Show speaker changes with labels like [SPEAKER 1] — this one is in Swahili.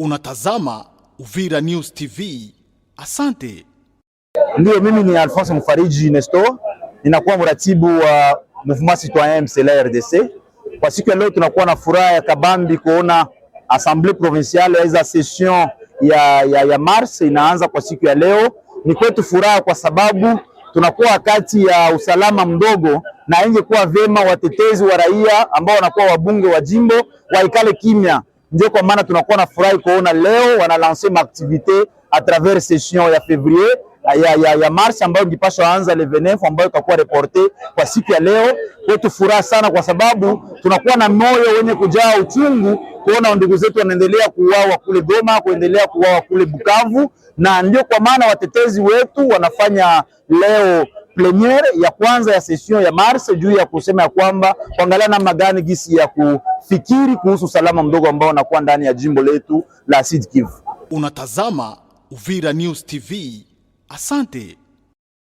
[SPEAKER 1] Unatazama Uvira News TV. Asante.
[SPEAKER 2] ndio mimi ni Alphonse Mfariji Nesto, ninakuwa mratibu wa Mouvement Citoyen MCLA RDC. Kwa siku ya leo tunakuwa na furaha ya kabambi kuona Assemblée Provinciale aiza session ya, ya, ya Mars inaanza kwa siku ya leo. Ni kwetu furaha kwa sababu tunakuwa wakati ya usalama mdogo, na ingekuwa vyema watetezi wa raia ambao wanakuwa wabunge wa jimbo waikale kimya ndio kwa maana tunakuwa na furahi kuona leo wanalanse maaktivite a travers session ya fevrier ya, ya, ya Mars ambayo ngipasha anza le 29 ambayo itakuwa reporte kwa siku ya leo. Kwetu furaha sana, kwa sababu tunakuwa na moyo wenye kujaa uchungu kuona ndugu zetu wanaendelea kuuawa kule Goma, kuendelea kuuawa kule Bukavu, na ndio kwa maana watetezi wetu wanafanya leo plenière ya kwanza ya session ya Mars juu ya kusema ya kwamba kuangalia namna gani gisi ya kufikiri kuhusu usalama mdogo ambao unakuwa ndani ya jimbo letu la Sud Kivu.
[SPEAKER 1] Unatazama Uvira News TV. Asante.